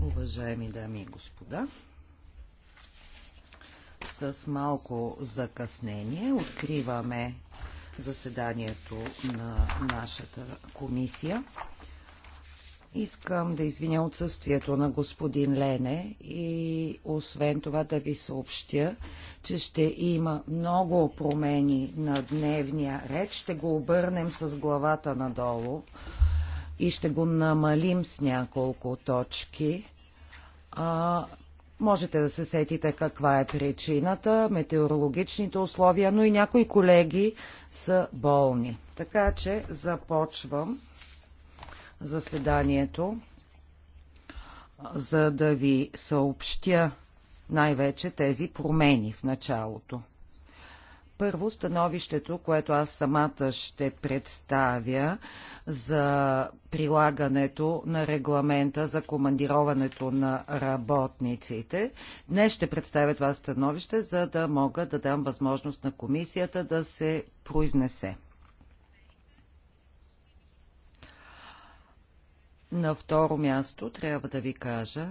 Уважаеми дами и господа, с малко закъснение откриваме заседанието на нашата комисия. Искам да извиня отсъствието на господин Лене и освен това да ви съобщя, че ще има много промени на дневния ред. Ще го обърнем с главата надолу и ще го намалим с няколко точки. А, можете да се сетите каква е причината, метеорологичните условия, но и някои колеги са болни. Така че започвам заседанието, за да ви съобщя най-вече тези промени в началото. Първо, становището, което аз самата ще представя за прилагането на регламента за командироването на работниците. Днес ще представя това становище, за да мога да дам възможност на комисията да се произнесе. На второ място трябва да ви кажа,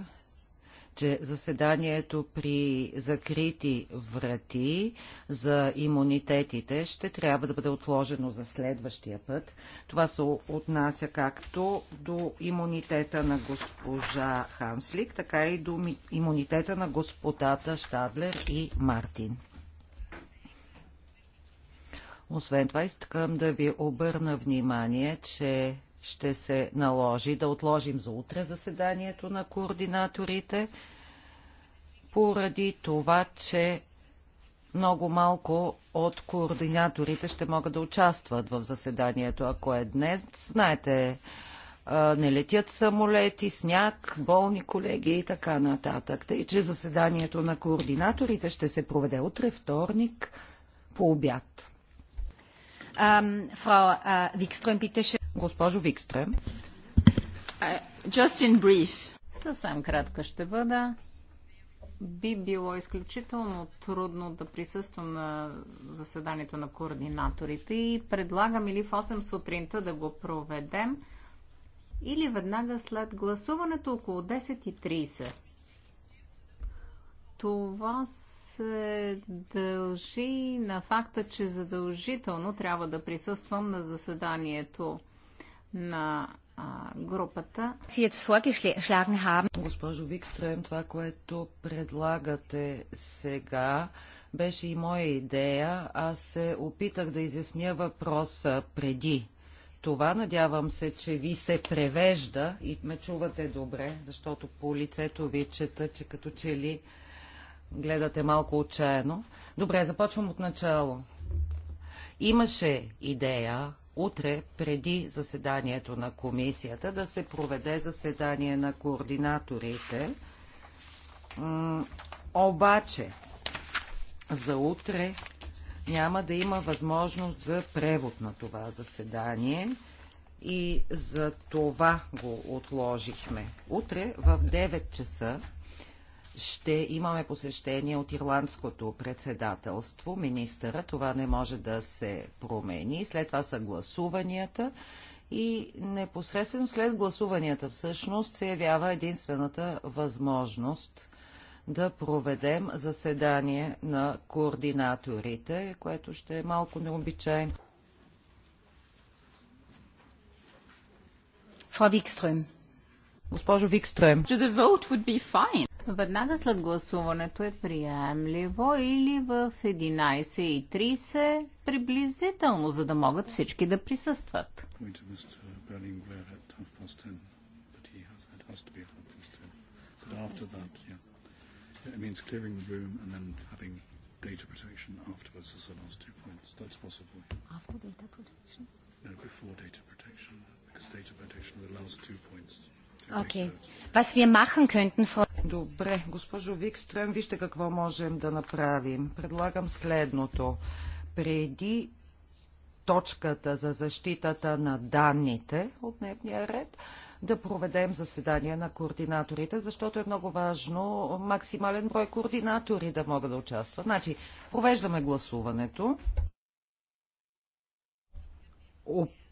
че заседанието при закрити врати за имунитетите ще трябва да бъде отложено за следващия път. Това се отнася както до имунитета на госпожа Ханслик, така и до имунитета на господата Штадлер и Мартин. Освен това, искам да ви обърна внимание, че ще се наложи да отложим за утре заседанието на координаторите, поради това, че много малко от координаторите ще могат да участват в заседанието. Ако е днес, знаете, не летят самолети, сняг, болни колеги и така нататък. Тъй, че заседанието на координаторите ще се проведе утре, вторник, по обяд. Um, Frau uh, Госпожо Викстрем. Just in brief. Съвсем кратка ще бъда. Би било изключително трудно да присъствам на заседанието на координаторите и предлагам или в 8 сутринта да го проведем, или веднага след гласуването около 10.30. Това се дължи на факта, че задължително трябва да присъствам на заседанието на групата. Госпожо Викстрем, това, което предлагате сега, беше и моя идея. Аз се опитах да изясня въпроса преди. Това надявам се, че ви се превежда и ме чувате добре, защото по лицето ви чета, че като че ли гледате малко отчаяно. Добре, започвам от начало. Имаше идея утре преди заседанието на комисията да се проведе заседание на координаторите. М обаче за утре няма да има възможност за превод на това заседание и за това го отложихме. Утре в 9 часа ще имаме посещение от ирландското председателство, министъра. Това не може да се промени. След това са гласуванията и непосредствено след гласуванията всъщност се явява единствената възможност да проведем заседание на координаторите, което ще е малко необичайно. Госпожо Викстрем веднага след гласуването е приемливо или в 11.30 приблизително, за да могат всички да присъстват. data protection afterwards as the last two points. That's possible. After data protection? No, before data protection. Because data protection the last two points. Okay. Was wir machen könnten, Frau Добре, госпожо Викстрем, вижте какво можем да направим. Предлагам следното. Преди точката за защитата на данните от дневния ред, да проведем заседание на координаторите, защото е много важно максимален брой координатори да могат да участват. Значи, провеждаме гласуването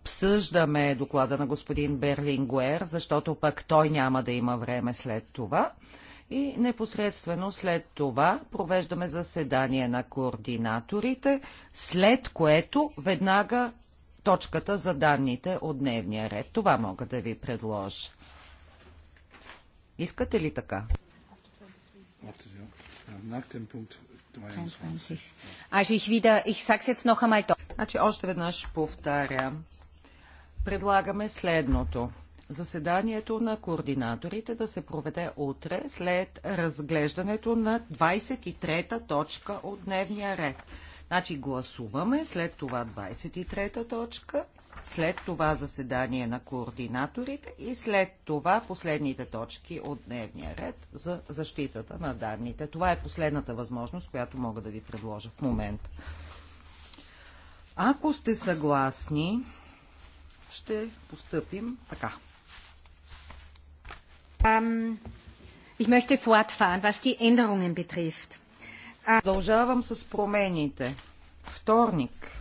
обсъждаме доклада на господин Берлингуер, защото пък той няма да има време след това. И непосредствено след това провеждаме заседание на координаторите, след което веднага точката за данните от дневния ред. Това мога да ви предложа. Искате ли така? Значи още веднъж повтарям предлагаме следното. Заседанието на координаторите да се проведе утре след разглеждането на 23-та точка от дневния ред. Значи гласуваме, след това 23-та точка, след това заседание на координаторите и след това последните точки от дневния ред за защитата на данните. Това е последната възможност, която мога да ви предложа в момента. Ако сте съгласни, ще постъпим така. Um, ich möchte fortfahren, was die Änderungen betrifft. Продължавам с промените. Вторник.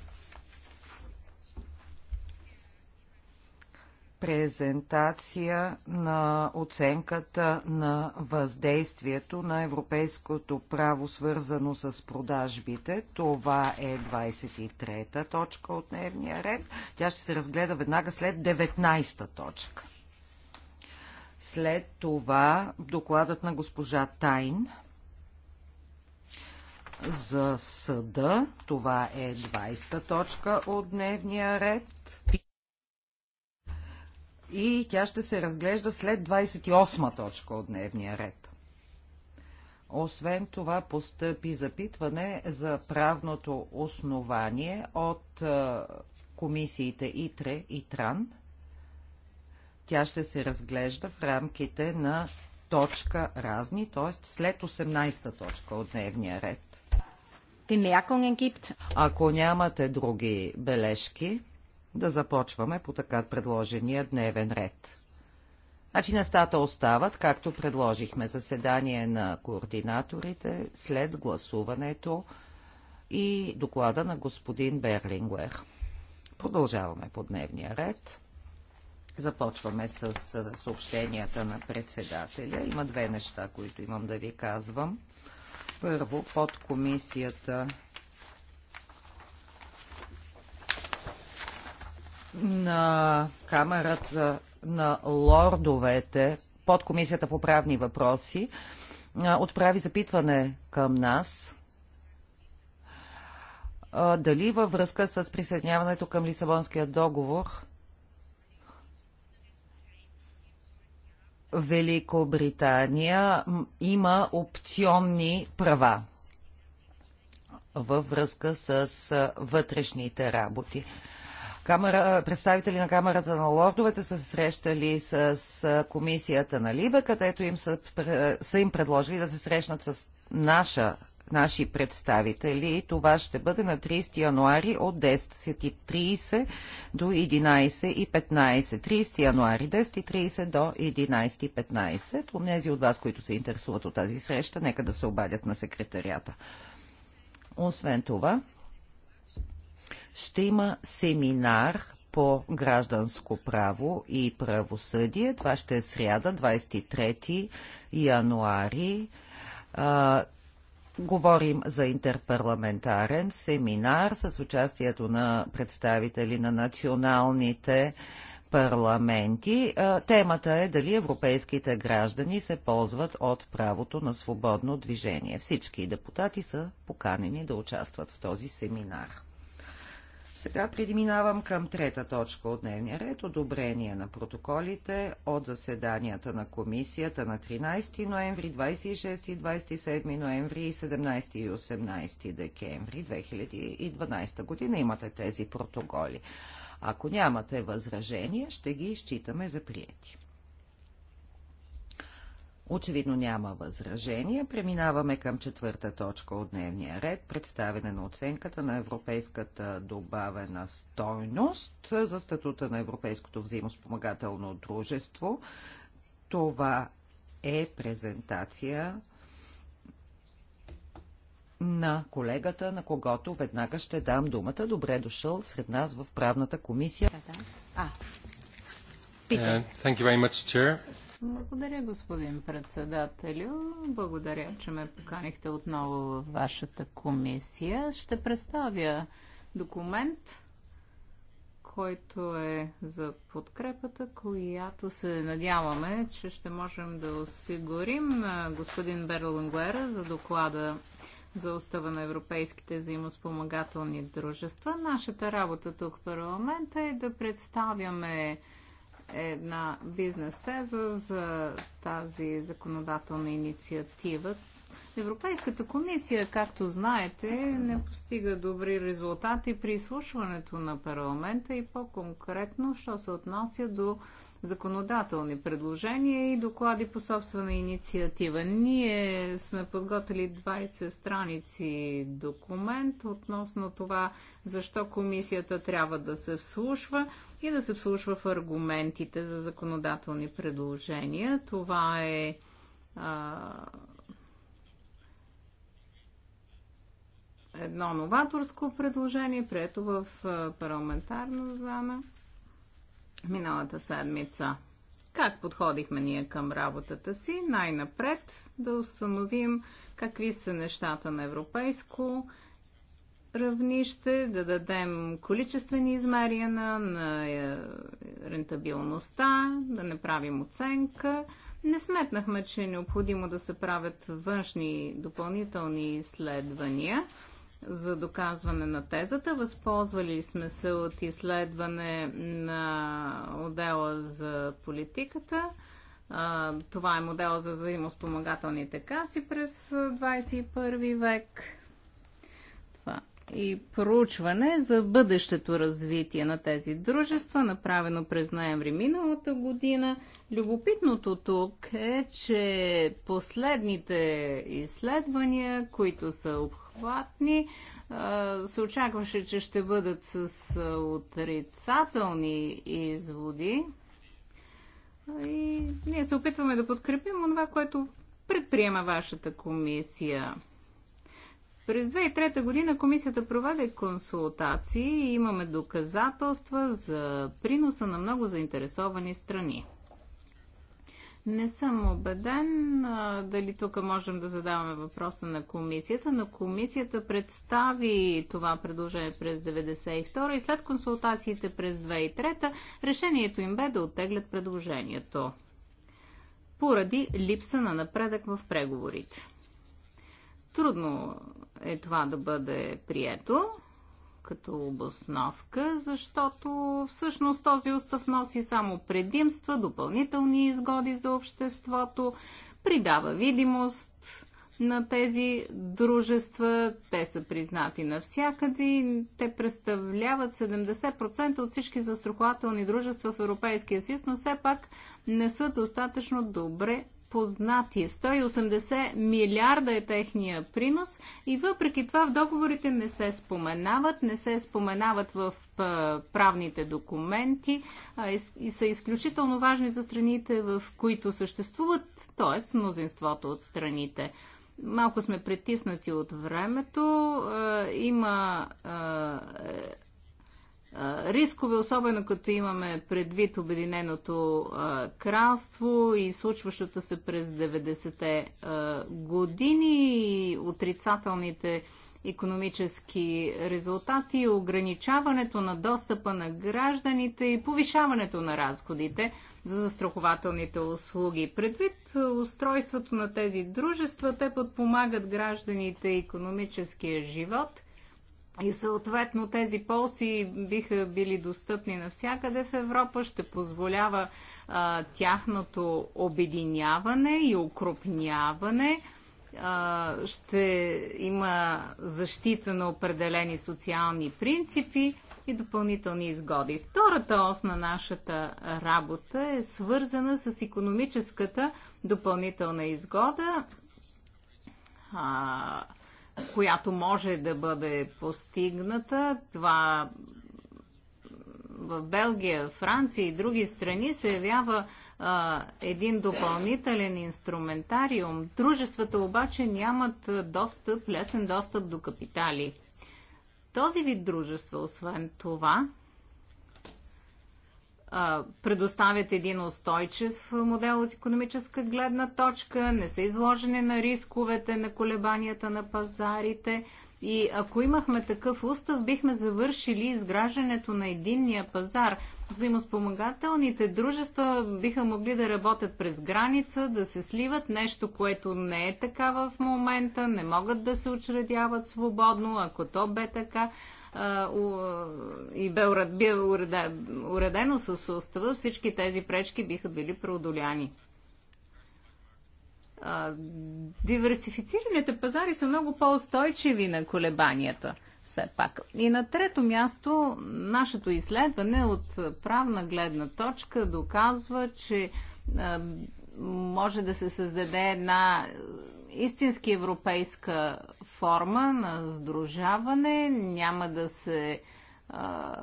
презентация на оценката на въздействието на европейското право, свързано с продажбите. Това е 23-та точка от дневния ред. Тя ще се разгледа веднага след 19-та точка. След това докладът на госпожа Тайн за съда. Това е 20-та точка от дневния ред и тя ще се разглежда след 28 точка от дневния ред. Освен това постъпи запитване за правното основание от е, комисиите ИТРЕ и ТРАН. Тя ще се разглежда в рамките на точка разни, т.е. след 18-та точка от дневния ред. Ако нямате други бележки, да започваме по така предложения дневен ред. Значи нещата остават, както предложихме, заседание на координаторите след гласуването и доклада на господин Берлингуер. Продължаваме по дневния ред. Започваме с съобщенията на председателя. Има две неща, които имам да ви казвам. Първо, под комисията на Камерата на лордовете под Комисията по правни въпроси отправи запитване към нас дали във връзка с присъединяването към Лисабонския договор Великобритания има опционни права във връзка с вътрешните работи. Камера, представители на Камерата на лордовете са срещали с комисията на Либе, където им са, са им предложили да се срещнат с наша наши представители. Това ще бъде на 30 януари от 10.30 до 11.15. 30 януари 10.30 до 11.15. Унези от вас, които се интересуват от тази среща, нека да се обадят на секретарията. Освен това, ще има семинар по гражданско право и правосъдие. Това ще е сряда, 23 януари. А, говорим за интерпарламентарен семинар с участието на представители на националните парламенти. Темата е дали европейските граждани се ползват от правото на свободно движение. Всички депутати са поканени да участват в този семинар. Сега преминавам към трета точка от дневния ред – одобрение на протоколите от заседанията на комисията на 13 ноември, 26 и 27 ноември и 17 и 18 декември 2012 година. Имате тези протоколи. Ако нямате възражения, ще ги изчитаме за приятие. Очевидно няма възражения. Преминаваме към четвърта точка от дневния ред. Представене на оценката на европейската добавена стойност за статута на Европейското взаимоспомагателно дружество. Това е презентация на колегата, на когото веднага ще дам думата. Добре дошъл сред нас в правната комисия. А, Питер. Uh, благодаря, господин председателю. Благодаря, че ме поканихте отново в вашата комисия. Ще представя документ, който е за подкрепата, която се надяваме, че ще можем да осигурим господин Берлангуера за доклада за устава на европейските взаимоспомагателни дружества. Нашата работа тук в парламента е да представяме една бизнес теза за тази законодателна инициатива. Европейската комисия, както знаете, не постига добри резултати при изслушването на парламента и по-конкретно, що се отнася до законодателни предложения и доклади по собствена инициатива. Ние сме подготвили 20 страници документ относно това защо комисията трябва да се вслушва и да се вслушва в аргументите за законодателни предложения. Това е а, едно новаторско предложение, прието в парламентарна зана миналата седмица. Как подходихме ние към работата си? Най-напред да установим какви са нещата на европейско равнище, да дадем количествени измерения на, на е, рентабилността, да не правим оценка. Не сметнахме, че е необходимо да се правят външни допълнителни изследвания за доказване на тезата. Възползвали сме се от изследване на отдела за политиката. Това е модел за взаимоспомагателните каси през 21 век и проучване за бъдещето развитие на тези дружества, направено през ноември миналата година. Любопитното тук е, че последните изследвания, които са обхватни, се очакваше, че ще бъдат с отрицателни изводи. И ние се опитваме да подкрепим това, което предприема вашата комисия. През 2003 година комисията проведе консултации и имаме доказателства за приноса на много заинтересовани страни. Не съм убеден а, дали тук можем да задаваме въпроса на комисията, но комисията представи това предложение през 1992 и след консултациите през 2003 решението им бе да оттеглят предложението поради липса на напредък в преговорите. Трудно е това да бъде прието като обосновка, защото всъщност този устав носи само предимства, допълнителни изгоди за обществото, придава видимост на тези дружества. Те са признати навсякъде и те представляват 70% от всички застрахователни дружества в Европейския съюз, но все пак не са достатъчно добре познати. 180 милиарда е техния принос и въпреки това в договорите не се споменават, не се споменават в правните документи и са изключително важни за страните, в които съществуват, т.е. мнозинството от страните. Малко сме притиснати от времето. Има рискове, особено като имаме предвид Обединеното кралство и случващото се през 90-те години, отрицателните економически резултати, ограничаването на достъпа на гражданите и повишаването на разходите за застрахователните услуги. Предвид устройството на тези дружества, те подпомагат гражданите и економическия живот – и съответно тези полси биха били достъпни навсякъде в Европа, ще позволява а, тяхното обединяване и укрупняване, а, ще има защита на определени социални принципи и допълнителни изгоди. Втората ос на нашата работа е свързана с економическата допълнителна изгода. А, която може да бъде постигната. Това в Белгия, Франция и други страни се явява а, един допълнителен инструментариум. Дружествата обаче нямат достъп, лесен достъп до капитали. Този вид дружества, освен това, предоставят един устойчив модел от економическа гледна точка, не са изложени на рисковете, на колебанията на пазарите. И ако имахме такъв устав, бихме завършили изграждането на единния пазар. Взаимоспомагателните дружества биха могли да работят през граница, да се сливат, нещо, което не е така в момента, не могат да се учредяват свободно, ако то бе така и бе уредено с устава, всички тези пречки биха били преодоляни. Диверсифицираните пазари са много по-устойчиви на колебанията все пак. И на трето място, нашето изследване от правна гледна точка доказва, че може да се създаде една истински европейска форма на сдружаване, няма да се а,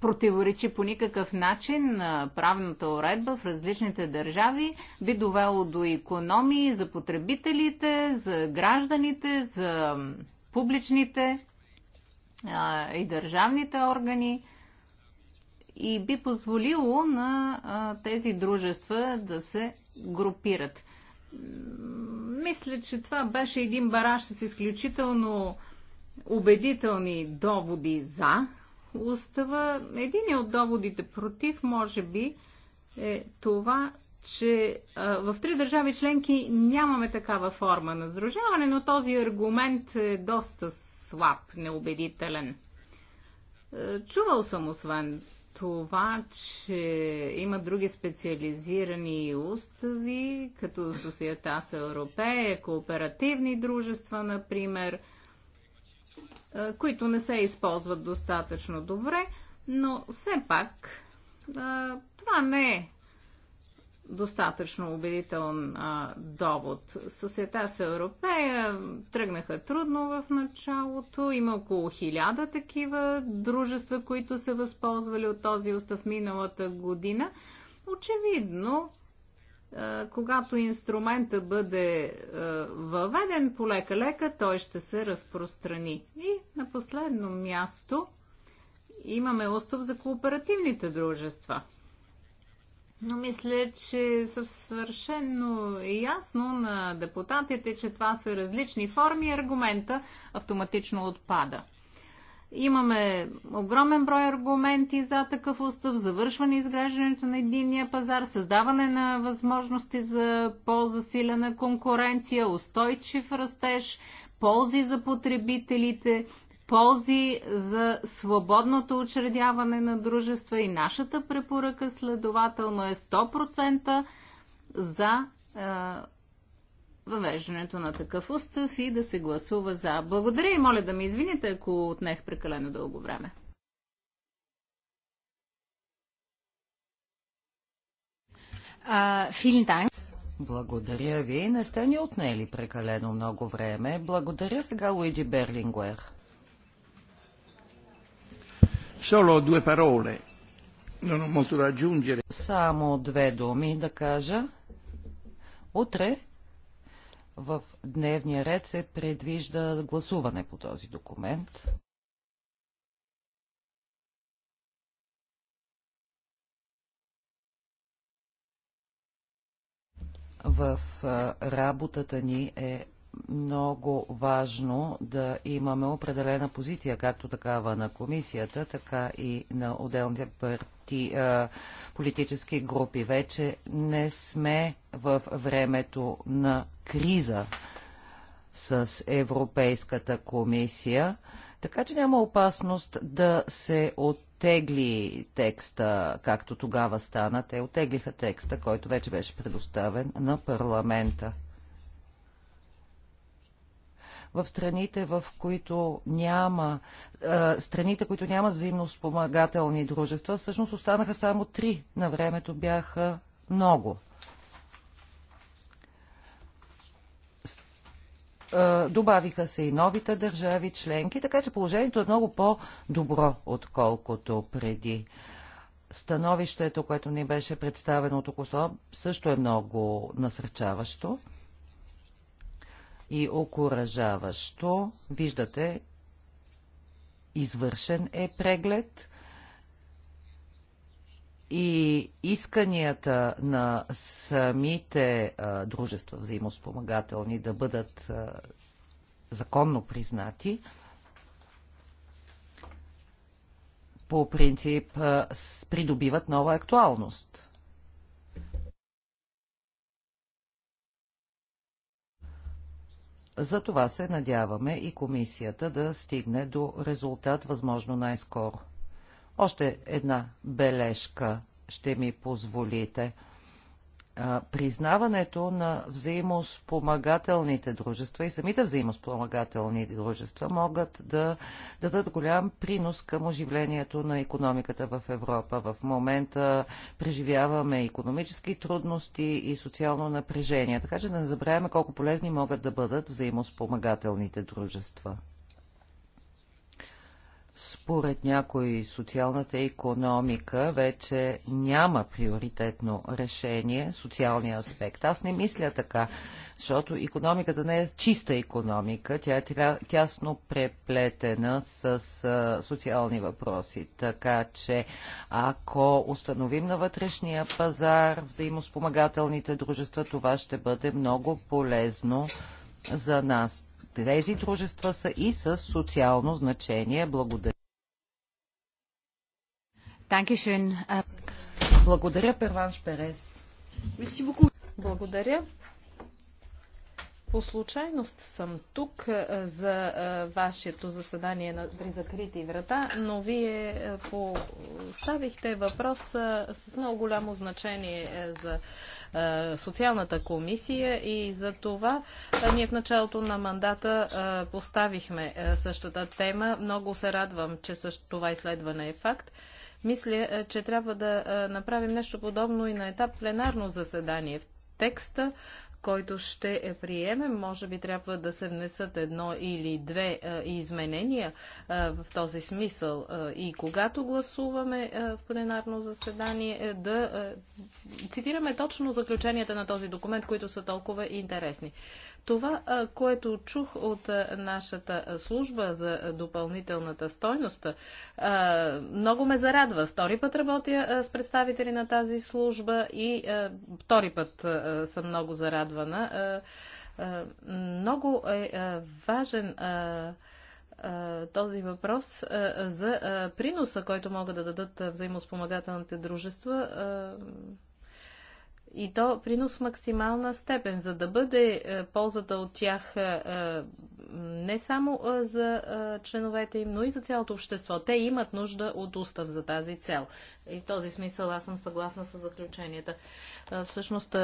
противоречи по никакъв начин на правната уредба в различните държави, би довело до економии за потребителите, за гражданите, за публичните а, и държавните органи и би позволило на тези дружества да се групират. Мисля, че това беше един бараж с изключително убедителни доводи за устава. Един от доводите против, може би, е това, че а, в три държави членки нямаме такава форма на сдружаване, но този аргумент е доста слаб, неубедителен. Е, чувал съм освен това, че има други специализирани устави, като Societas Европея, кооперативни дружества, например, които не се използват достатъчно добре, но все пак това не е достатъчно убедителен а, довод. се Европея тръгнаха трудно в началото. Има около хиляда такива дружества, които се възползвали от този устав миналата година. Очевидно, а, когато инструмента бъде а, въведен полека-лека, той ще се разпространи. И на последно място имаме устав за кооперативните дружества – но мисля, че съм съвършено ясно на депутатите, че това са различни форми и аргумента автоматично отпада. Имаме огромен брой аргументи за такъв устав, завършване изграждането на единния пазар, създаване на възможности за по-засилена конкуренция, устойчив растеж, ползи за потребителите, ползи за свободното учредяване на дружества и нашата препоръка следователно е 100% за е, въвеждането на такъв устав и да се гласува за. Благодаря и моля да ме извините, ако отнех прекалено дълго време. Uh, Благодаря ви. Не сте ни отнели прекалено много време. Благодаря сега Луиджи Берлингуер. Solo due parole. Non ho molto da aggiungere. Само две думи да кажа. Утре в дневния ред се предвижда гласуване по този документ. В работата ни е много важно да имаме определена позиция, както такава на комисията, така и на отделните парти, а, политически групи. Вече не сме в времето на криза с Европейската комисия, така че няма опасност да се оттегли текста, както тогава стана. Те оттеглиха текста, който вече беше предоставен на парламента в страните, в които няма, страните, които нямат взаимно спомагателни дружества, всъщност останаха само три. На времето бяха много. добавиха се и новите държави членки, така че положението е много по-добро, отколкото преди. Становището, което ни беше представено току-що, също е много насърчаващо и окоръжаващо. Виждате, извършен е преглед и исканията на самите а, дружества взаимоспомагателни да бъдат а, законно признати, по принцип а, придобиват нова актуалност. За това се надяваме и комисията да стигне до резултат възможно най-скоро. Още една бележка ще ми позволите – признаването на взаимоспомагателните дружества и самите взаимоспомагателни дружества могат да дадат голям принос към оживлението на економиката в Европа. В момента преживяваме економически трудности и социално напрежение, така че да не забравяме колко полезни могат да бъдат взаимоспомагателните дружества. Според някои социалната економика вече няма приоритетно решение, социалния аспект. Аз не мисля така, защото економиката не е чиста економика, тя е тясно преплетена с социални въпроси. Така че ако установим на вътрешния пазар взаимоспомагателните дружества, това ще бъде много полезно за нас. Тези дружества са и с социално значение. Благодаря. Благодаря, Перванш Перес. Благодаря. По случайност съм тук за вашето заседание на, при закрити врата, но вие поставихте въпрос с много голямо значение е, за социалната комисия и за това ние в началото на мандата поставихме същата тема. Много се радвам, че също това изследване е факт. Мисля, че трябва да направим нещо подобно и на етап пленарно заседание. В текста който ще е приемем. Може би трябва да се внесат едно или две е, изменения е, в този смисъл. Е, и когато гласуваме в пленарно заседание, да цитираме точно заключенията на този документ, които са толкова интересни. Това, което чух от нашата служба за допълнителната стойност, много ме зарадва. Втори път работя с представители на тази служба и втори път съм много зарадвана. Много е важен този въпрос за приноса, който могат да дадат взаимоспомагателните дружества и то принос в максимална степен, за да бъде е, ползата от тях е, е, не само за членовете им, но и за цялото общество. Те имат нужда от устав за тази цел. И в този смисъл аз съм съгласна с заключенията. Всъщност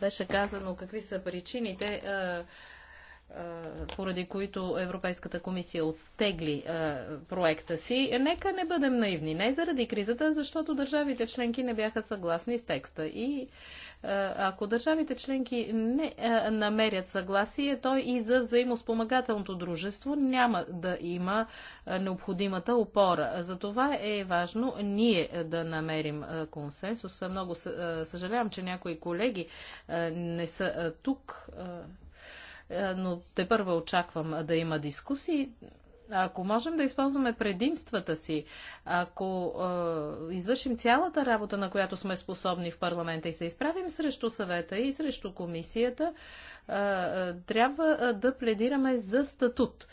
беше казано какви са причините поради които Европейската комисия оттегли е, проекта си. Нека не бъдем наивни. Не заради кризата, защото държавите членки не бяха съгласни с текста. И е, ако държавите членки не е, намерят съгласие, то и за взаимоспомагателното дружество няма да има е, необходимата опора. Затова е важно ние да намерим консенсус. Много съжалявам, че някои колеги не са тук, но те първо очаквам да има дискусии. Ако можем да използваме предимствата си, ако е, извършим цялата работа, на която сме способни в парламента и се изправим срещу съвета и срещу комисията, е, е, трябва да пледираме за статут.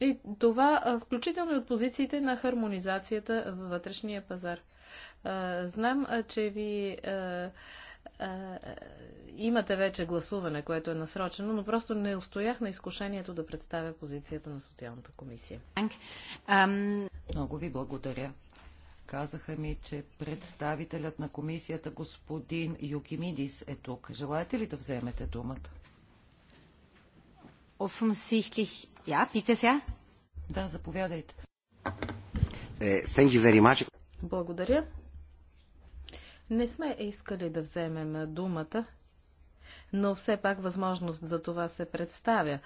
И това включително и от позициите на хармонизацията във вътрешния пазар. Знам, че ви е, е, имате вече гласуване, което е насрочено, но просто не устоях на изкушението да представя позицията на социалната комисия. Много ви благодаря. Казаха ми, че представителят на комисията, господин Юкимидис, е тук. Желаете ли да вземете думата? Offensichtlich. Ja, bitte sehr. Да, заповядайте. Е, thank you very much. Благодаря. Не сме искали да вземем думата но все пак възможност за това се представя.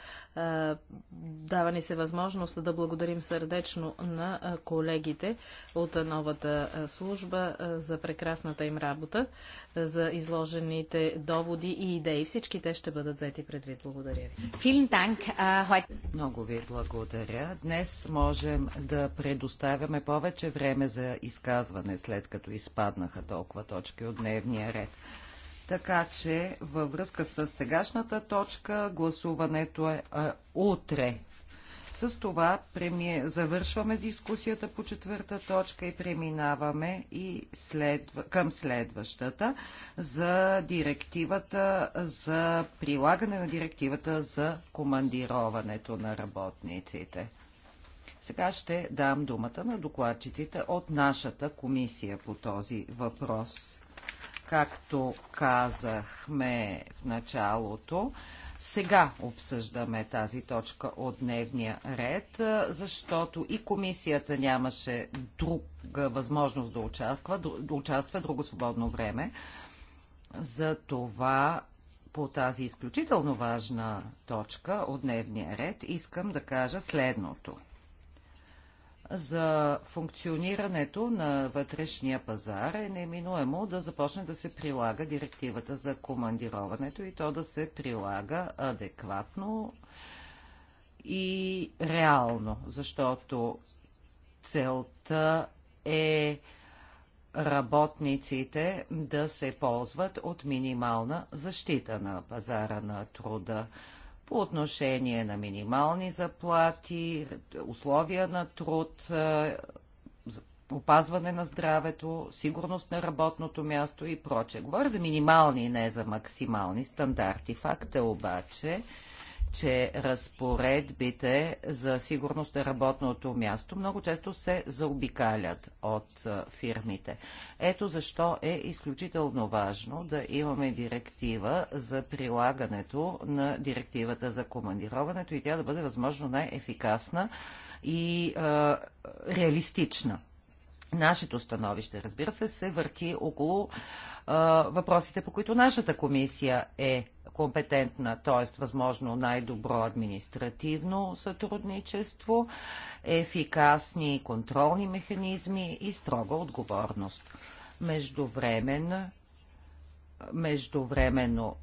Дава ни се възможност да благодарим сърдечно на колегите от новата служба за прекрасната им работа, за изложените доводи и идеи. Всички те ще бъдат взети предвид. Благодаря ви. Много ви благодаря. Днес можем да предоставяме повече време за изказване, след като изпаднаха толкова точки от дневния ред. Така че във връзка с сегашната точка гласуването е, е утре. С това премие... завършваме дискусията по четвърта точка и преминаваме и следва... към следващата за директивата за прилагане на директивата за командироването на работниците. Сега ще дам думата на докладчиците от нашата комисия по този въпрос. Както казахме в началото, сега обсъждаме тази точка от дневния ред, защото и комисията нямаше друга възможност да участва, да участва друго свободно време. За това по тази изключително важна точка от дневния ред искам да кажа следното – за функционирането на вътрешния пазар е неминуемо да започне да се прилага директивата за командироването и то да се прилага адекватно и реално, защото целта е работниците да се ползват от минимална защита на пазара на труда по отношение на минимални заплати, условия на труд, е, опазване на здравето, сигурност на работното място и прочее. Говоря за минимални, не за максимални стандарти. Факт е обаче, че разпоредбите за сигурност на работното място много често се заобикалят от фирмите. Ето защо е изключително важно да имаме директива за прилагането на директивата за командироването и тя да бъде възможно най-ефикасна и а, реалистична. Нашето становище, разбира се, се върти около а, въпросите, по които нашата комисия е компетентна, т.е. възможно най-добро административно сътрудничество, ефикасни контролни механизми и строга отговорност. Междувременно, междувременно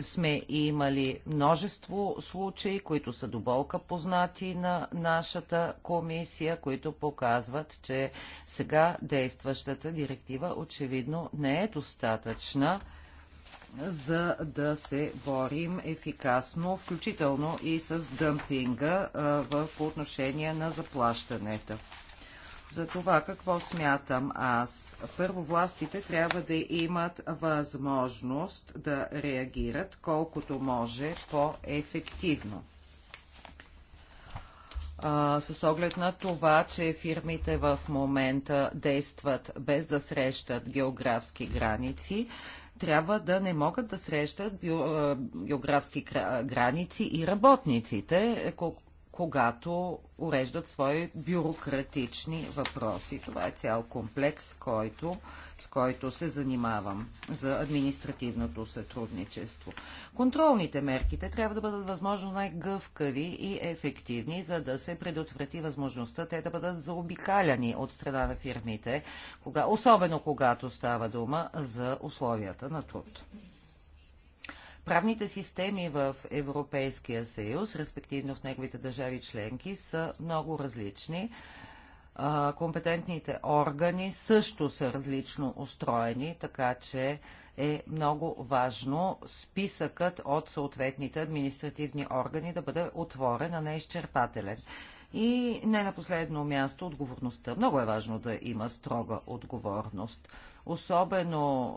сме имали множество случаи, които са доволка познати на нашата комисия, които показват, че сега действащата директива очевидно не е достатъчна за да се борим ефикасно, включително и с дъмпинга в, по отношение на заплащането. За това какво смятам аз? Първо властите трябва да имат възможност да реагират колкото може по-ефективно а, с оглед на това, че фирмите в момента действат без да срещат географски граници трябва да не могат да срещат биографски граници и работниците, колко, когато уреждат свои бюрократични въпроси. Това е цял комплекс, който, с който се занимавам за административното сътрудничество. Контролните мерките трябва да бъдат възможно най-гъвкави и ефективни, за да се предотврати възможността те да бъдат заобикаляни от страна на фирмите, кога, особено когато става дума за условията на труд правните системи в Европейския съюз, респективно в неговите държави членки, са много различни. компетентните органи също са различно устроени, така че е много важно списъкът от съответните административни органи да бъде отворен, а не изчерпателен. И не на последно място отговорността. Много е важно да има строга отговорност. Особено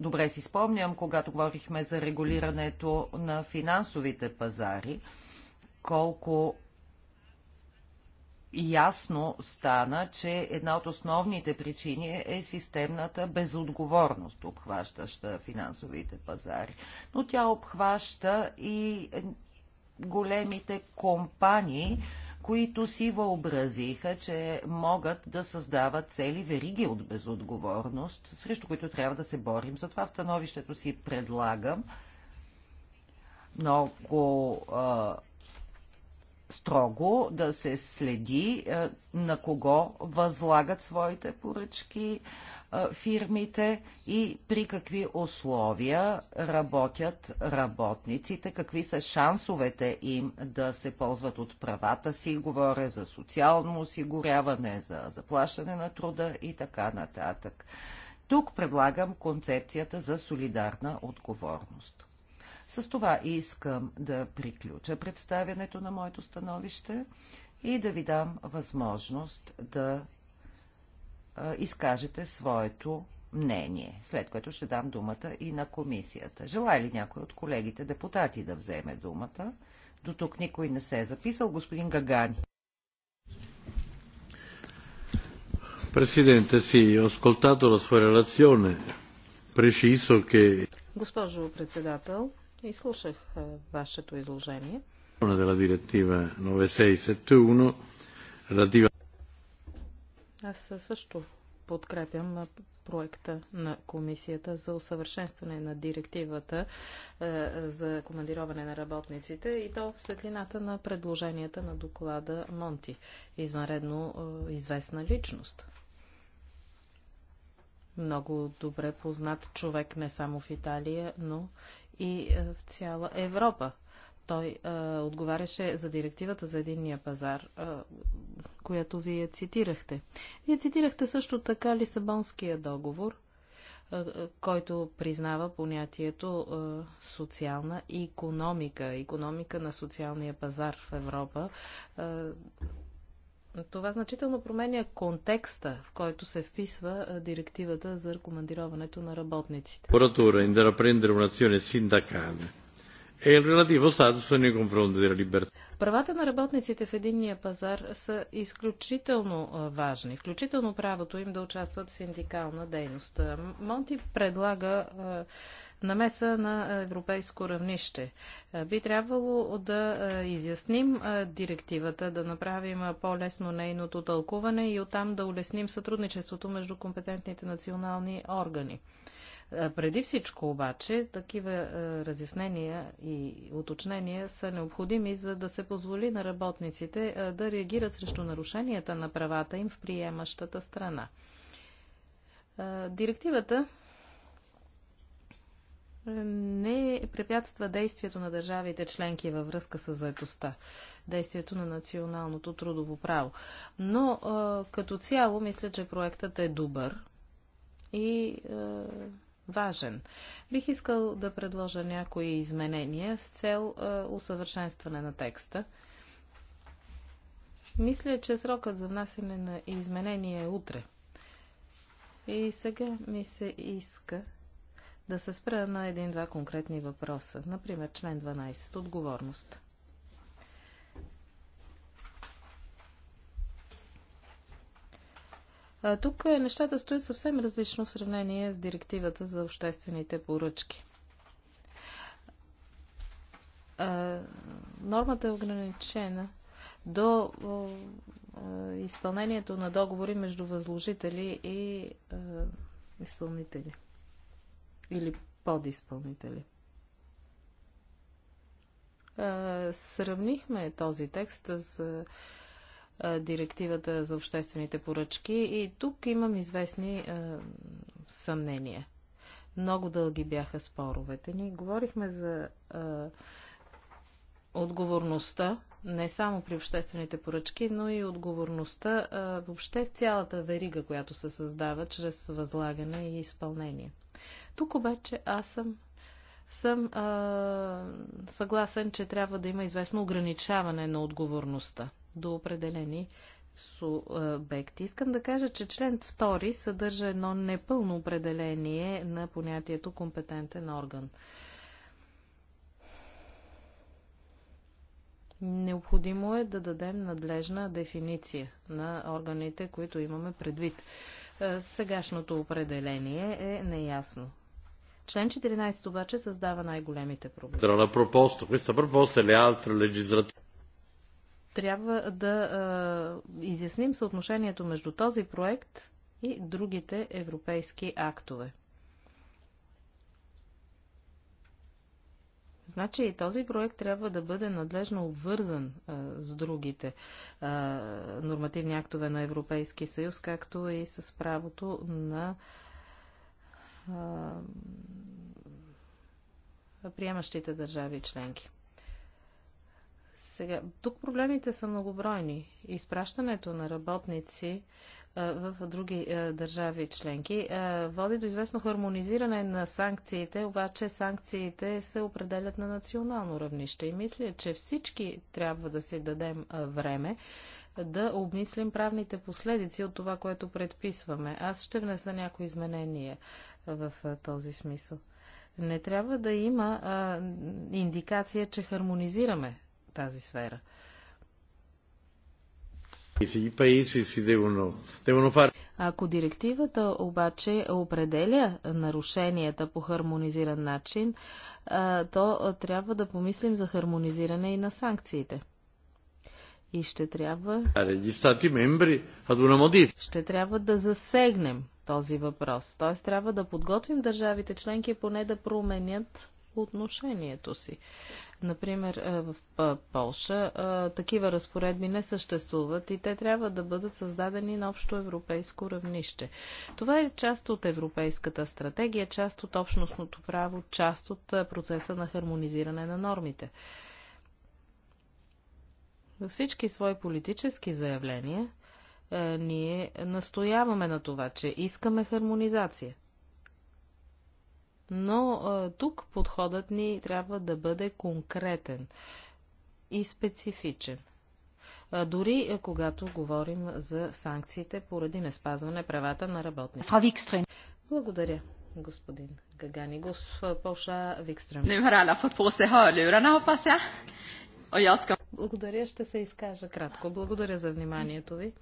добре си спомням, когато говорихме за регулирането на финансовите пазари, колко ясно стана, че една от основните причини е системната безотговорност, обхващаща финансовите пазари. Но тя обхваща и големите компании, които си въобразиха, че могат да създават цели вериги от безотговорност, срещу които трябва да се борим. Затова в становището си предлагам много а, строго да се следи а, на кого възлагат своите поръчки, а, фирмите и при какви условия работят работниците, какви са шансовете им да се ползват от правата си, говоря за социално осигуряване, за заплащане на труда и така нататък. Тук предлагам концепцията за солидарна отговорност. С това искам да приключа представянето на моето становище и да ви дам възможност да изкажете своето мнение, след което ще дам думата и на комисията. Желая ли някой от колегите депутати да вземе думата? До тук никой не се е записал. Господин Гагани. Президента си, осколтато на своя релационе, relazione. Preciso Госпожо председател, изслушах вашето изложение. Della direttiva 9671 relativa аз също подкрепям проекта на комисията за усъвършенстване на директивата е, за командироване на работниците и то в светлината на предложенията на доклада Монти, извънредно е, известна личност. Много добре познат човек не само в Италия, но и е, в цяла Европа. Той а, отговаряше за директивата за единния пазар а, която вие цитирахте. Вие цитирахте също така Лисабонския договор, който признава понятието социална економика, економика на социалния пазар в Европа. Това значително променя контекста, в който се вписва директивата за командироването на работниците. Лavoratore intraprendere un'azione sindacale e il relativo status Правата на работниците в единния пазар са изключително важни, включително правото им да участват в синдикална дейност. Монти предлага намеса на европейско равнище. Би трябвало да изясним директивата, да направим по-лесно нейното тълкуване и оттам да улесним сътрудничеството между компетентните национални органи. Е, преди всичко обаче, такива е, разяснения и уточнения са необходими, за да се позволи на работниците е, да реагират срещу нарушенията на правата им в приемащата страна. Директивата не препятства действието на държавите членки във връзка с заетостта, действието на националното трудово право. Но като цяло мисля, че проектът е добър и важен. Бих искал да предложа някои изменения с цел е, усъвършенстване на текста. Мисля, че срокът за внасене на изменения е утре. И сега ми се иска да се спра на един-два конкретни въпроса. Например, член 12. Отговорност. Тук нещата стоят съвсем различно в сравнение с директивата за обществените поръчки. Нормата е ограничена до изпълнението на договори между възложители и изпълнители или подизпълнители. Сравнихме този текст с директивата за обществените поръчки и тук имам известни а, съмнения. Много дълги бяха споровете ни. Говорихме за а, отговорността, не само при обществените поръчки, но и отговорността а, въобще в цялата верига, която се създава чрез възлагане и изпълнение. Тук обаче аз съм съм а, съгласен, че трябва да има известно ограничаване на отговорността до определени субекти. Искам да кажа, че член 2 съдържа едно непълно определение на понятието компетентен орган. Необходимо е да дадем надлежна дефиниция на органите, които имаме предвид. Е, сегашното определение е неясно. Член 14 обаче създава най-големите проблеми трябва да а, изясним съотношението между този проект и другите европейски актове. Значи и този проект трябва да бъде надлежно обвързан а, с другите а, нормативни актове на Европейски съюз, както и с правото на а, приемащите държави членки. Сега, тук проблемите са многобройни. Изпращането на работници е, в други е, държави членки е, води до известно хармонизиране на санкциите, обаче санкциите се определят на национално равнище. И мисля, че всички трябва да си дадем време да обмислим правните последици от това, което предписваме. Аз ще внеса някои изменения в този смисъл. Не трябва да има а, индикация, че хармонизираме тази сфера. Ако директивата обаче определя нарушенията по хармонизиран начин, то трябва да помислим за хармонизиране и на санкциите. И ще трябва... Ще трябва да засегнем този въпрос. Т.е. трябва да подготвим държавите членки поне да променят отношението си. Например, в Полша такива разпоредби не съществуват и те трябва да бъдат създадени на общо европейско равнище. Това е част от европейската стратегия, част от общностното право, част от процеса на хармонизиране на нормите. Във всички свои политически заявления ние настояваме на това, че искаме хармонизация но а, тук подходът ни трябва да бъде конкретен и специфичен. А, дори а, когато говорим за санкциите поради неспазване правата на работниците. Благодаря, господин Гагани. Госпожа Викстрем. Благодаря, ще се изкажа кратко. Благодаря за вниманието ви.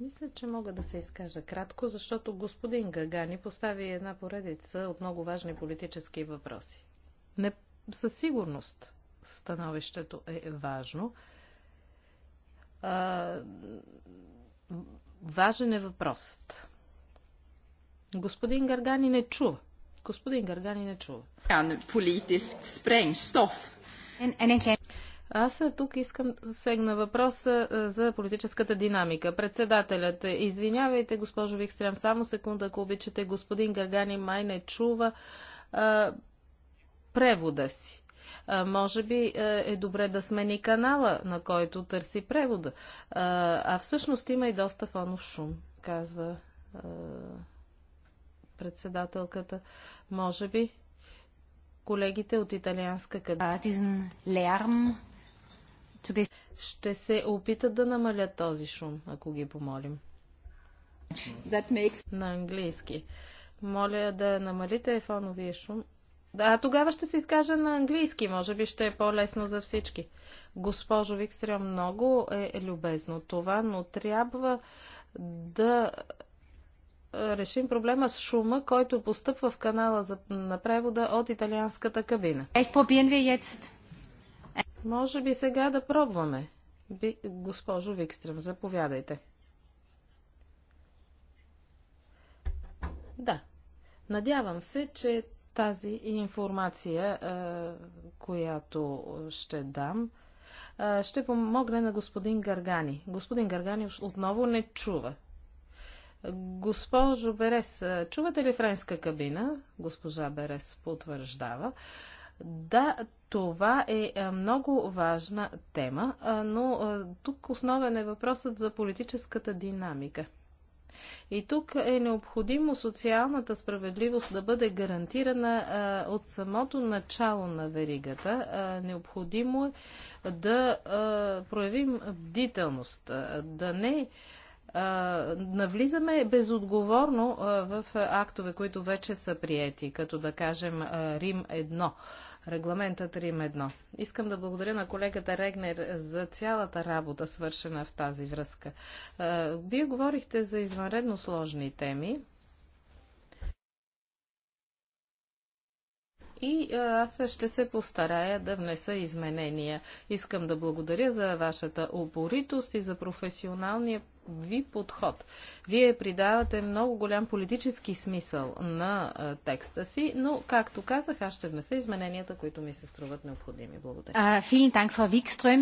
Мисля, че мога да се изкажа кратко, защото господин Гагани постави една поредица от много важни политически въпроси. Не, със сигурност становището е важно. А, важен е въпросът. Господин Гаргани не чува. Господин Гаргани не чува. Политиск спренгстоф. Аз тук искам да сегна въпроса за политическата динамика. Председателят, извинявайте, госпожо Викстрям, само секунда, ако обичате, господин Гаргани май не чува а, превода си. А, може би е добре да смени канала, на който търси превода. А, а всъщност има и доста фонов шум, казва а, председателката. Може би колегите от италианска къде. Ще се опитат да намалят този шум, ако ги помолим. Makes... На английски. Моля да намалите фоновия шум. А тогава ще се изкажа на английски. Може би ще е по-лесно за всички. Госпожо Викстрия, много е любезно това, но трябва да решим проблема с шума, който постъпва в канала за, на превода от италианската кабина. Ех, probieren wir може би сега да пробваме. Би, госпожо Викстрем, заповядайте. Да. Надявам се, че тази информация, е, която ще дам, е, ще помогне на господин Гаргани. Господин Гаргани отново не чува. Госпожо Берес, е, чувате ли френска кабина? Госпожа Берес потвърждава. Да, това е, е много важна тема, но е, тук основен е въпросът за политическата динамика. И тук е необходимо социалната справедливост да бъде гарантирана а, от самото начало на веригата. А, необходимо е да а, проявим бдителност, а, да не а, навлизаме безотговорно в актове, които вече са приети, като да кажем Рим 1. Регламентът Рим 1. Искам да благодаря на колегата Регнер за цялата работа, свършена в тази връзка. Вие говорихте за извънредно сложни теми. и аз ще се постарая да внеса изменения. Искам да благодаря за вашата упоритост и за професионалния ви подход. Вие придавате много голям политически смисъл на а, текста си, но, както казах, аз ще внеса измененията, които ми се струват необходими. Благодаря. Uh, vielen Dank, Frau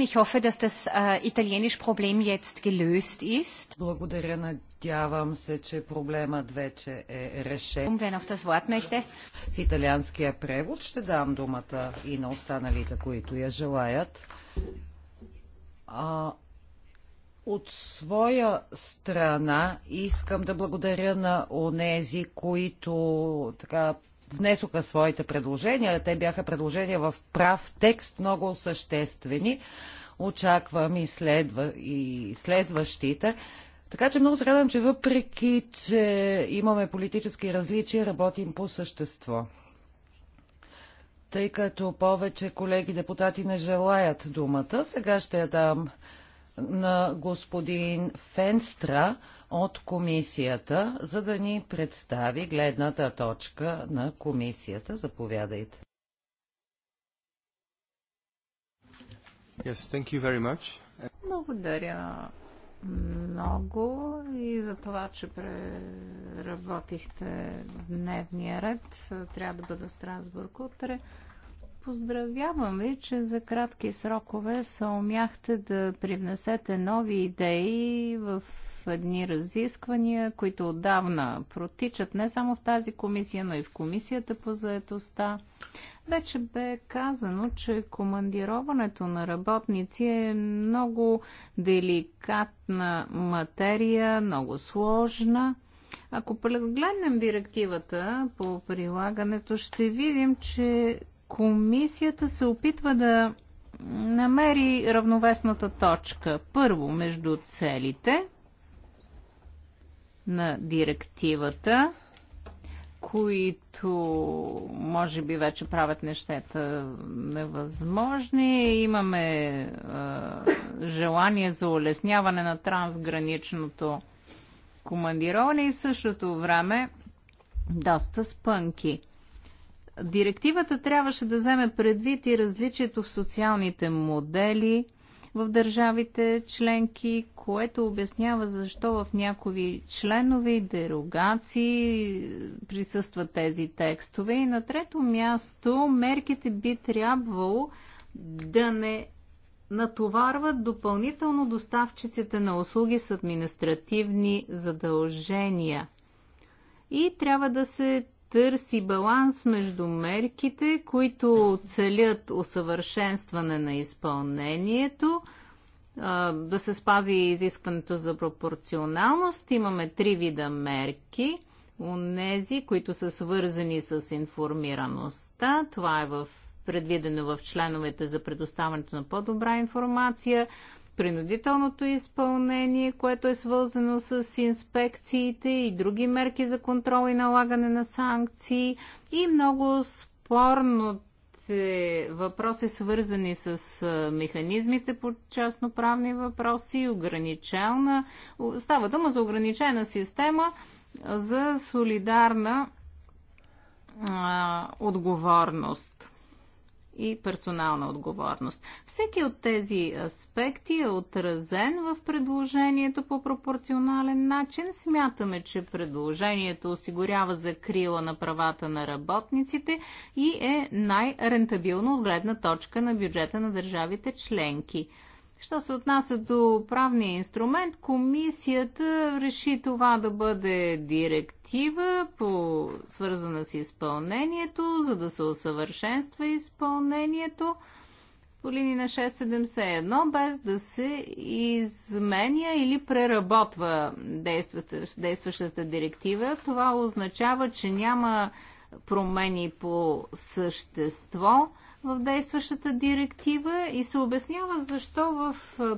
Ich hoffe, dass das italienisch Problem jetzt gelöst ist. Благодаря, надявам се, че проблемът вече е решен. Wenn auf das Wort möchte. С италианския превод ще дам думата и на останалите, които я желаят. А, от своя страна искам да благодаря на онези, които така внесоха своите предложения. Те бяха предложения в прав текст, много съществени. Очаквам и, следва, и следващите. Така че много се радвам, че въпреки, че имаме политически различия, работим по същество. Тъй като повече колеги депутати не желаят думата, сега ще я дам на господин Фенстра от комисията, за да ни представи гледната точка на комисията. Заповядайте. Yes, thank you very much. Благодаря много и за това, че преработихте дневния ред. Трябва да бъда в Страсбург утре. Поздравяваме, че за кратки срокове се умяхте да привнесете нови идеи в едни разисквания, които отдавна протичат не само в тази комисия, но и в комисията по заетостта. Вече бе казано, че командироването на работници е много деликатна материя, много сложна. Ако прегледнем директивата по прилагането, ще видим, че Комисията се опитва да намери равновесната точка. Първо, между целите на директивата, които може би вече правят нещата невъзможни. Имаме е, желание за улесняване на трансграничното командироване и в същото време доста спънки. Директивата трябваше да вземе предвид и различието в социалните модели в държавите членки, което обяснява защо в някои членове и дерогации присъстват тези текстове. И на трето място мерките би трябвало да не натоварват допълнително доставчиците на услуги с административни задължения. И трябва да се търси баланс между мерките, които целят усъвършенстване на изпълнението, да се спази изискването за пропорционалност. Имаме три вида мерки. Унези, които са свързани с информираността, това е в, предвидено в членовете за предоставянето на по-добра информация, принудителното изпълнение, което е свързано с инспекциите и други мерки за контрол и налагане на санкции и много спорните въпроси, свързани с механизмите по частноправни въпроси, ограничална, става дума за ограничена система за солидарна а, отговорност и персонална отговорност. Всеки от тези аспекти е отразен в предложението по пропорционален начин. Смятаме, че предложението осигурява закрила на правата на работниците и е най-рентабилно от гледна точка на бюджета на държавите членки. Що се отнася до правния инструмент, комисията реши това да бъде директива, по, свързана с изпълнението, за да се усъвършенства изпълнението по линия на 671, без да се изменя или преработва действащата директива. Това означава, че няма промени по същество в действащата директива и се обяснява защо в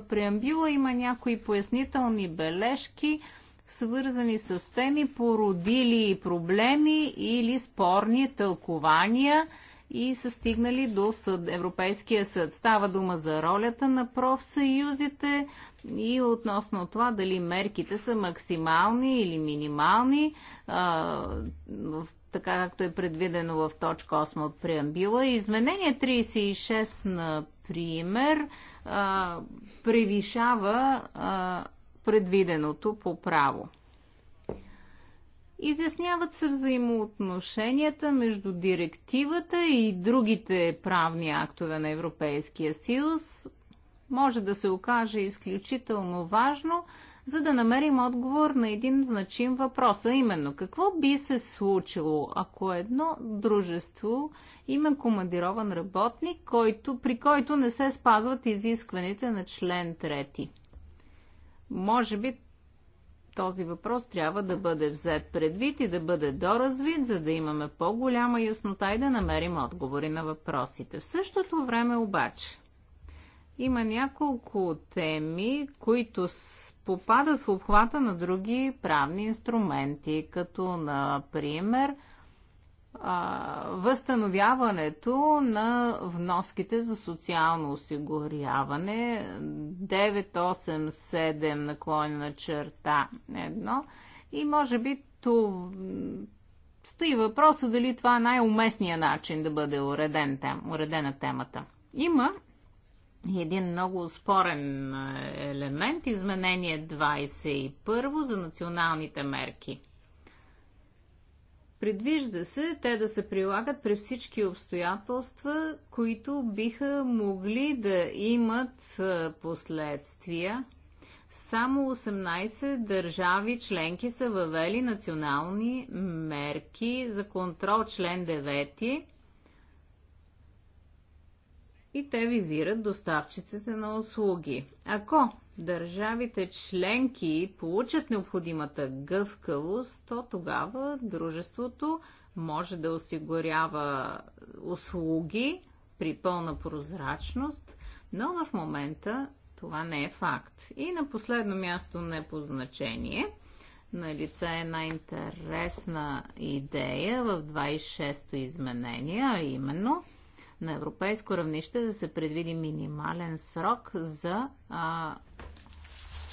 преамбила има някои пояснителни бележки, свързани с теми, породили проблеми или спорни тълкования и са стигнали до съд, Европейския съд. Става дума за ролята на профсъюзите и относно това дали мерките са максимални или минимални. А, в така както е предвидено в точка 8 от преамбила. Изменение 36, например, а, превишава а, предвиденото по право. Изясняват се взаимоотношенията между директивата и другите правни актове на Европейския съюз. Може да се окаже изключително важно за да намерим отговор на един значим въпрос, а именно какво би се случило, ако едно дружество има командирован работник, който, при който не се спазват изискваните на член 3. Може би този въпрос трябва да бъде взет предвид и да бъде доразвит, за да имаме по-голяма яснота и да намерим отговори на въпросите. В същото време обаче има няколко теми, които попадат в обхвата на други правни инструменти, като например възстановяването на вноските за социално осигуряване 987 наклонена черта 1 и може би то стои въпроса дали това е най-уместният начин да бъде уреден тем, уредена темата. Има един много спорен елемент, изменение 21 за националните мерки. Предвижда се те да се прилагат при всички обстоятелства, които биха могли да имат последствия. Само 18 държави членки са въвели национални мерки за контрол член 9 и те визират доставчиците на услуги. Ако държавите членки получат необходимата гъвкавост, то тогава дружеството може да осигурява услуги при пълна прозрачност, но в момента това не е факт. И на последно място не по значение. На лице е една интересна идея в 26-то изменение, а именно – на европейско равнище да се предвиди минимален срок за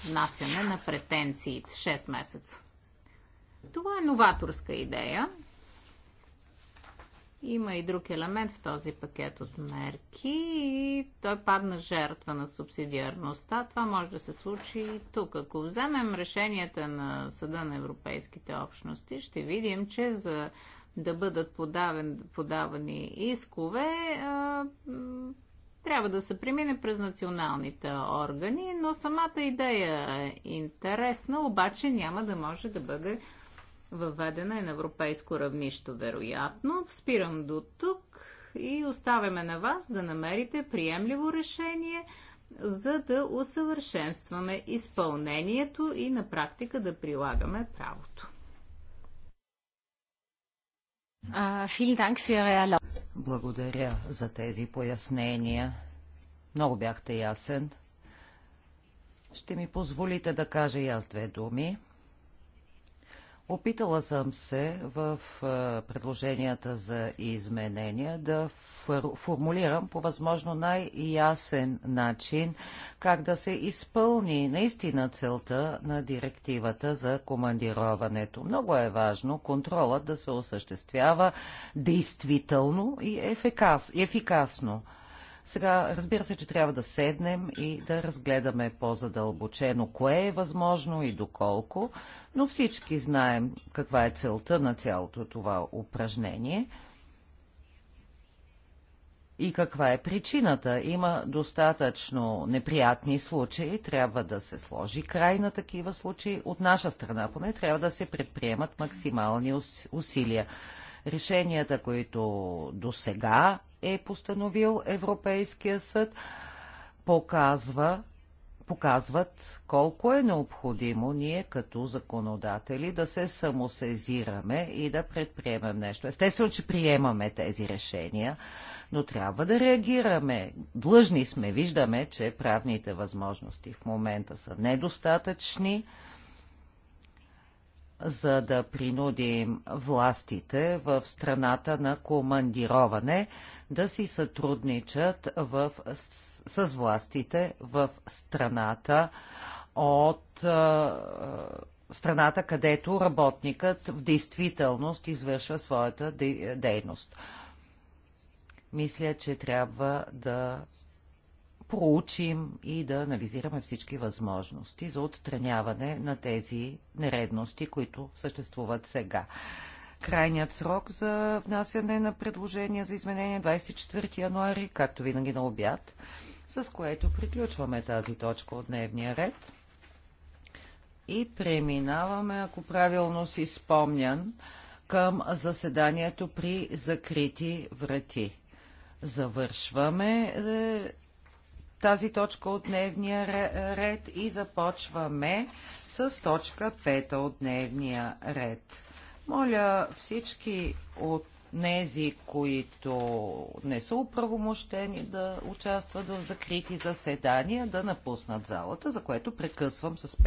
внасяне на претенциите 6 месеца. Това е новаторска идея. Има и друг елемент в този пакет от мерки и той падна жертва на субсидиарността. Това може да се случи и тук. Ако вземем решенията на Съда на Европейските общности, ще видим, че за да бъдат подавен, подавани искове, а, трябва да се премине през националните органи, но самата идея е интересна, обаче няма да може да бъде въведена и на европейско равнище, вероятно. Спирам до тук и оставяме на вас да намерите приемливо решение, за да усъвършенстваме изпълнението и на практика да прилагаме правото. Благодаря за тези пояснения. Много бяхте ясен. Ще ми позволите да кажа и аз две думи. Опитала съм се в предложенията за изменения да формулирам по възможно най-ясен начин как да се изпълни наистина целта на директивата за командироването. Много е важно контролът да се осъществява действително и ефикасно. Сега, разбира се, че трябва да седнем и да разгледаме по-задълбочено кое е възможно и доколко, но всички знаем каква е целта на цялото това упражнение и каква е причината. Има достатъчно неприятни случаи, трябва да се сложи край на такива случаи. От наша страна поне трябва да се предприемат максимални усилия. Решенията, които до сега е постановил Европейския съд, показва, показват колко е необходимо ние като законодатели да се самосезираме и да предприемем нещо. Естествено, че приемаме тези решения, но трябва да реагираме. Длъжни сме, виждаме, че правните възможности в момента са недостатъчни за да принудим властите в страната на командироване да си сътрудничат в, с, с властите в страната от а, страната, където работникът в действителност извършва своята дейност. Мисля, че трябва да проучим и да анализираме всички възможности за отстраняване на тези нередности, които съществуват сега. Крайният срок за внасяне на предложения за изменение 24 е януари, както винаги на обяд, с което приключваме тази точка от дневния ред. И преминаваме, ако правилно си спомням, към заседанието при закрити врати. Завършваме е, тази точка от дневния ред и започваме с точка 5 от дневния ред. Моля всички от нези, които не са оправомощени да участват в закрити заседания, да напуснат залата, за което прекъсвам с 5